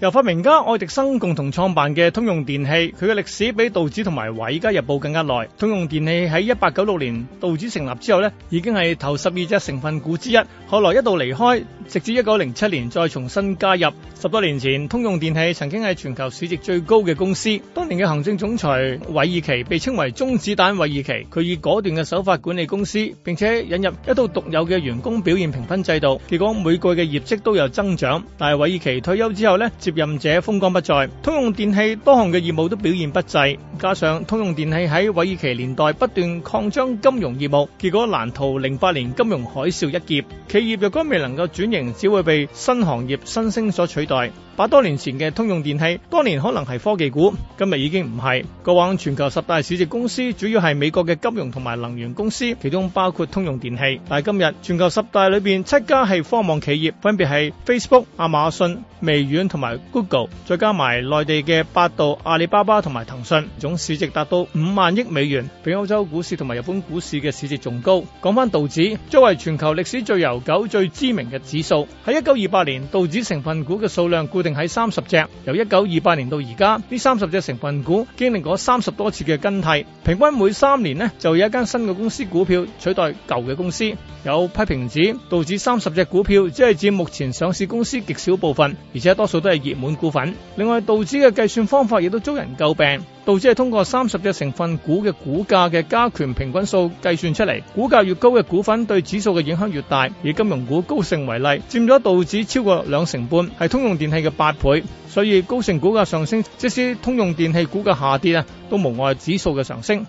由發明家愛迪生共同創辦嘅通用電氣，佢嘅歷史比道指同埋《華爾街日報》更加耐。通用電氣喺一八九六年道指成立之後呢已經係頭十二隻成分股之一。後來一度離開，直至一九零七年再重新加入。十多年前，通用電氣曾經係全球市值最高嘅公司。當年嘅行政總裁韋爾奇被稱為“中子彈韋爾奇”，佢以果斷嘅手法管理公司，並且引入一道獨有嘅員工表現評分制度。結果每季嘅業績都有增長。但係韋爾奇退休之後呢。接任者風光不再，通用電氣多項嘅業務都表現不濟，加上通用電氣喺韋爾奇年代不斷擴張金融業務，結果難逃零八年金融海嘯一劫。企業若果未能夠轉型，只會被新行業新星所取代。百多年前嘅通用電氣，當年可能係科技股，今日已經唔係。過往全球十大市值公司，主要係美國嘅金融同埋能源公司，其中包括通用電氣。但係今日全球十大裏面，七家係科網企業，分別係 Facebook、亞馬遜、微軟同埋 Google 再加埋內地嘅百度、阿里巴巴同埋騰訊，總市值達到五萬億美元，比歐洲股市同埋日本股市嘅市值仲高。講返道指，作為全球歷史最悠久、最知名嘅指數，喺一九二八年，道指成分股嘅數量固定喺三十隻。由一九二八年到而家，呢三十隻成分股經歷過三十多次嘅更替，平均每三年呢，就有一間新嘅公司股票取代舊嘅公司。有批評指，道指三十隻股票只係佔目前上市公司極少部分，而且多數都係。熱門股份，另外道指嘅計算方法亦都遭人詬病。道指係通過三十隻成分股嘅股價嘅加權平均數計算出嚟，股價越高嘅股份對指數嘅影響越大。以金融股高盛為例，佔咗道指超過兩成半，係通用電氣嘅八倍，所以高盛股價上升，即使通用電氣股價下跌啊，都無礙指數嘅上升。